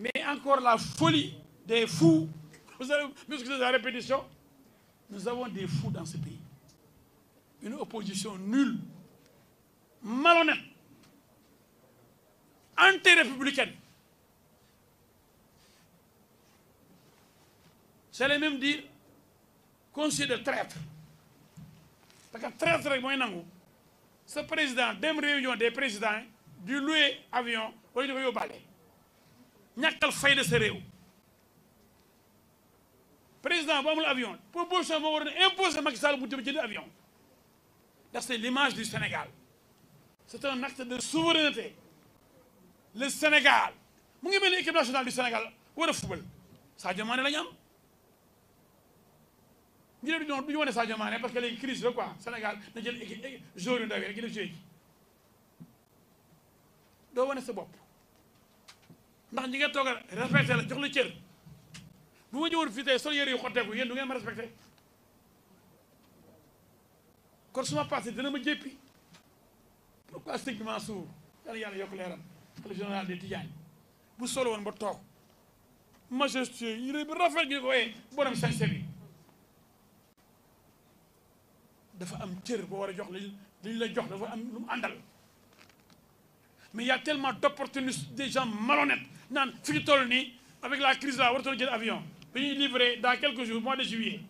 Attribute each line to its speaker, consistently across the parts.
Speaker 1: mais encore la folie des fous. Vous allez m'excuser de la répétition. Nous avons des fous dans ce pays. Une opposition nulle, malhonnête, anti-républicaine. C'est les dire conseil de traître. Parce que traître rek mooy nangu ce président dem réunion des présidents du louer avion wala dafa yóbbaale ñàkkal fayda sa réew président bu amul avion proposition moo war a imposer Macky Sall mu jëm jënd avion ndax c'est l'image du Sénégal c'est un acte de souveraineté le Sénégal mu ngi mel ni équipe nationale du Sénégal war a fubal Sadio Mané la ñu am ñu ne du ñu du ñu wane Sadio parce que léegi crise la quoi Sénégal na jël équipe joueur yu ndaw yi doo wane sa bopp ndax ñi nga toog a respecté la jox la cër bu ma ñëwoon fii soo sol yére yu xotteeku yéen du ngeen ma respecté kon suma passé dina ma jéppi pourquoi sëñ yàlla yàlla yokk leeram xalifa général des Tidianes bu solo woon ba toog majestueux yére bi rafet gi ko wooyee borom sañse bi dafa am cër boo war a jox li liñ la jox dafa am lu mu àndal mais y a tellement d'opportunistes des gens malhonnêtes naan fi ñu toll nii avec la crise là waratoon jël avion bi ñuy livrer dans quelques jours mois de juillet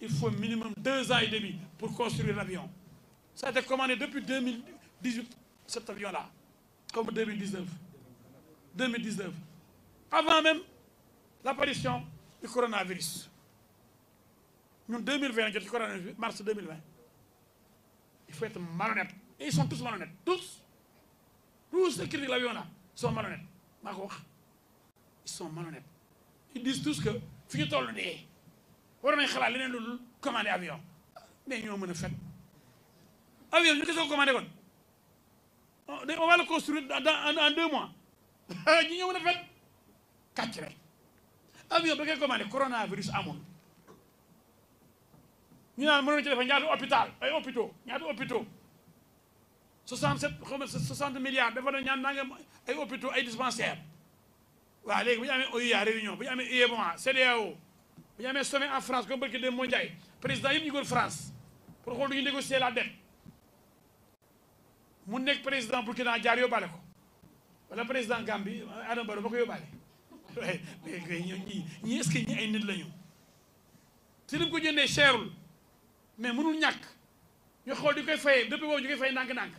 Speaker 1: il faut minimum deux ans et demi pour construire l'avion ça a été commandé depuis deux mille dix huit cet avion là comme deux dix dix du coronavirus ñun deux mille vingt jot ci coronavirus mars mille vingt il faut être malhonnête et ils sont tous malhonnêtes tous tous ceux l'avion là sont malhonnêtes maa ko wax ils sont malhonnêtes ils disent tous que fi ñu toll dee war nañ xalaal leneen lu commandé avion mais ñoo mën a fet avion ñu ko soog commandé kon on va le construire dans en deux mois ñu ñoo mën a fet kàcc rek avion ba koy commandé coronavirus amul ñu naan mënoon ci defa ñaata hôpital ay hôpitaux ñaata hôpitaux 67 xaw ma 60 milliards dafa doon ñaan naa ay hôpitaux ay dispensaires waaw léegi bu ñu amee OUA réunion bu ñu amee UEMOA CEDEAO bu ñu amee sommet en France comme barki dem moo Ndiaye président yëpp ñu goon France pour xool du ñu négocier la dette mu nekk président Burkina Jaar yóbbaale ko wala président Gambie Adama Barrow ba ko yóbbaale waaye ñi ñi est-ce ay nit la ñu si mu ko jëndee cherul mais mënul ñàkk ñu xool di koy fayee depuis boobu ñu koy fay ndànk-ndànk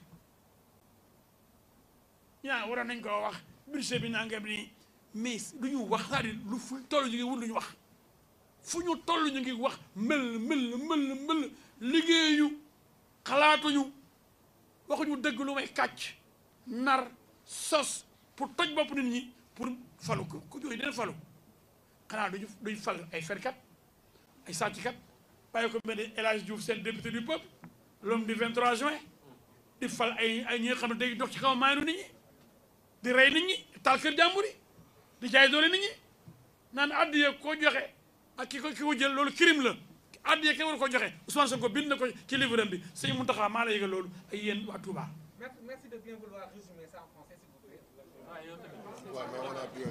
Speaker 1: ñu war waroon nañ koo wax budget bi nangam nii mais lu ñu wax cest lu fu toll ñu ngi wut wax fu ñu toll ñu ngi wax mël mël mël mël liggéeyu xalaatuñu waxuñu dëgg lu may kàcc nar sos pour toj bopp nit ñi pour falu ko ku jooyu dina falu xanaa duñu duñ fal ay ferkat ay sàcckat bàyyi ko mel ni El Hadj Diouf seen député du peuple l'homme du 23 juin di fal ay ay ñi nga xam ne day dox ci kaw maanu nit ñi di rey nit ñi taal kër jàmbur yi di jaay doole nit ñi naan addiye ko joxe ak ki ko ki ko jël loolu crime la addiye kenn waru ko joxe Ousmane Sonko bind na ko ci livre bi sëñ Mountakha maa la yëgal loolu ay yéen waa Touba. merci merci de